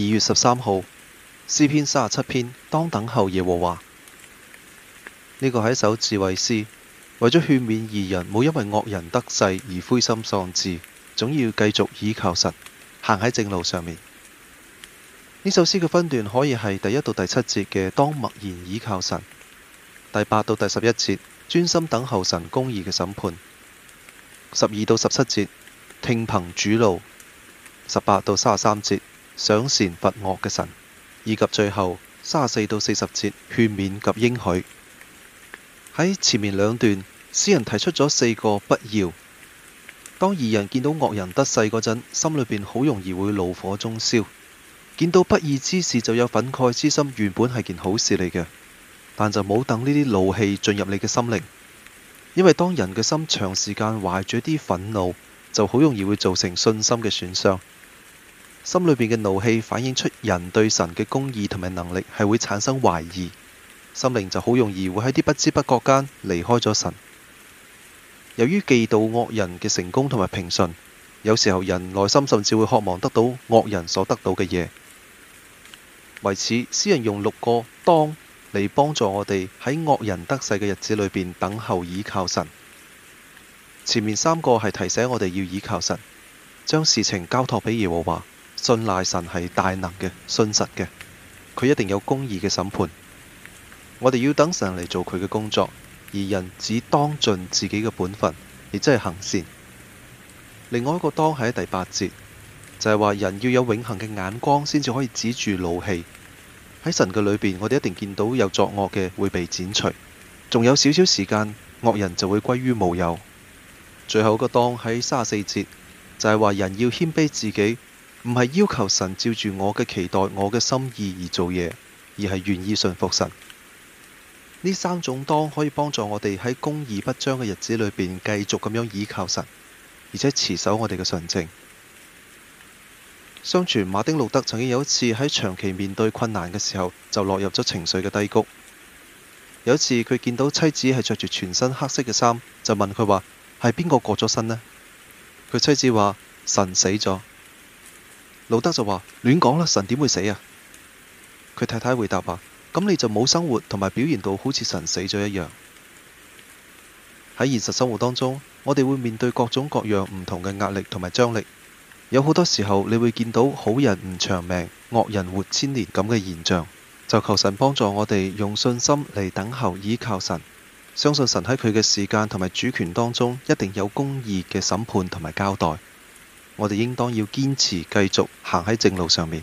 二月十三號，詩篇三十七篇當等候耶和華。呢、這個係一首智慧詩，為咗勸勉義人，冇因為惡人得勢而灰心喪志，總要繼續倚靠神，行喺正路上面。呢首詩嘅分段可以係第一到第七節嘅當默然倚靠神，第八到第十一節專心等候神公義嘅審判，十二到十七節聽憑主怒，十八到三十三節。賞善罰惡嘅神，以及最後三十四到四十節勸勉及應許。喺前面兩段，詩人提出咗四個不要。當義人見到惡人得勢嗰陣，心裏邊好容易會怒火中燒。見到不義之事就有憤慨之心，原本係件好事嚟嘅，但就冇等呢啲怒氣進入你嘅心靈。因為當人嘅心長時間懷住一啲憤怒，就好容易會造成信心嘅損傷。心裏邊嘅怒氣反映出人對神嘅公義同埋能力係會產生懷疑，心靈就好容易會喺啲不知不覺間離開咗神。由於嫉妒惡人嘅成功同埋平順，有時候人內心甚至會渴望得到惡人所得到嘅嘢。為此，詩人用六個當嚟幫助我哋喺惡人得勢嘅日子裏邊等候倚靠神。前面三個係提醒我哋要倚靠神，將事情交託俾耶和華。信賴神係大能嘅、信實嘅，佢一定有公義嘅審判。我哋要等神嚟做佢嘅工作，而人只當盡自己嘅本分，亦即係行善。另外一個當係喺第八節，就係話人要有永恆嘅眼光，先至可以止住怒氣。喺神嘅裏邊，我哋一定見到有作惡嘅會被剪除，仲有少少時間，惡人就會歸於無有。最後個當喺卅四節，就係話人要謙卑自己。唔係要求神照住我嘅期待，我嘅心意而做嘢，而係願意信服神。呢三種當可以幫助我哋喺公義不彰嘅日子裏邊，繼續咁樣倚靠神，而且持守我哋嘅純正。相傳馬丁路德曾經有一次喺長期面對困難嘅時候，就落入咗情緒嘅低谷。有一次佢見到妻子係着住全身黑色嘅衫，就問佢話：係邊個過咗身呢？佢妻子話：神死咗。路德就話：亂講啦，神點會死啊？佢太太回答話：咁你就冇生活同埋表現到好似神死咗一樣。喺現實生活當中，我哋會面對各種各樣唔同嘅壓力同埋張力。有好多時候，你會見到好人唔長命，惡人活千年咁嘅現象。就求神幫助我哋用信心嚟等候倚靠神，相信神喺佢嘅時間同埋主權當中，一定有公義嘅審判同埋交代。我哋應當要堅持繼續行喺正路上面。